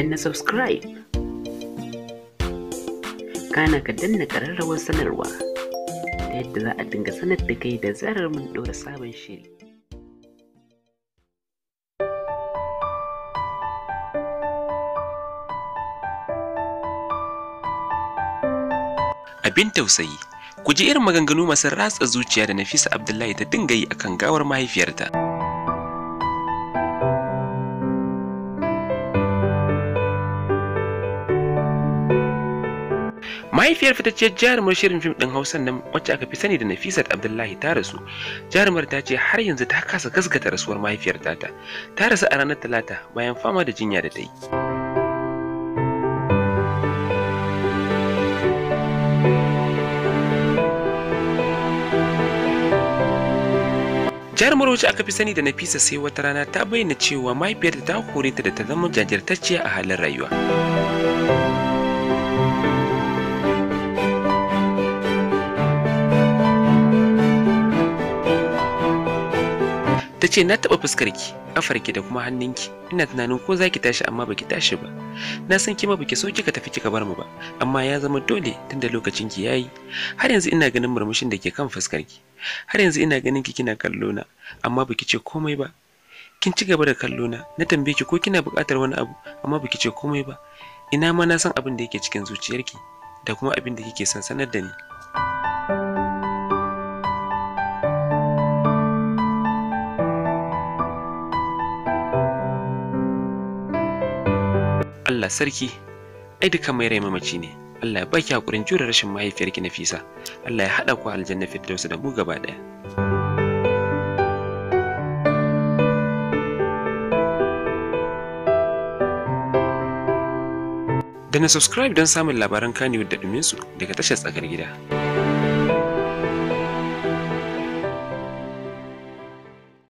danna subscribe kana ka danna ƙararrawar sanarwa ta yadda za a dinga sanar da kai da zarar mun ɗora sabon shiri abin tausayi ku ji irin maganganu masu ratsa zuciya da nafisa abdullahi ta dinga yi akan gawar mahaifiyarta mahaifiyar fitacciyar jarumar shirin fim ɗin hausan nan wacce aka fi sani da nafisat abdullahi ta rasu jarumar ta ce har yanzu ta kasa gasgata rasuwar mahaifiyar tata ta rasu a ranar talata bayan fama da jinya da ta yi jarumar wacce aka fi sani da nafisa sai wata rana ta bayyana cewa mahaifiyarta ta kore ta da ta zama jajirtacciya a halin rayuwa ta ce na taɓa fuskarki afarki da kuma hannunki ina tunanin ko za ki tashi amma baki tashi ba na san kima baki so kika tafi kika bar mu ba amma ya zama dole tunda lokacin ki yayi har yanzu ina ganin murmushin da ke kan fuskarki har yanzu ina ganin ki kina kallo na amma baki ce komai ba kin ci gaba da kallo na na tambaye ki ko kina buƙatar wani abu amma baki ce komai ba ina ma na san abin da yake cikin zuciyarki da kuma abin da kike son sanar da ni Allah sarki ai duka mai rai mamaci ne Allah ya baki hakurin jure rashin mahaifiyarki Nafisa Allah ya hada ku aljanna firdausa da mu gaba daya Da na subscribe don samun labaran Kannywood da ɗuminsu daga tashar tsakar gida.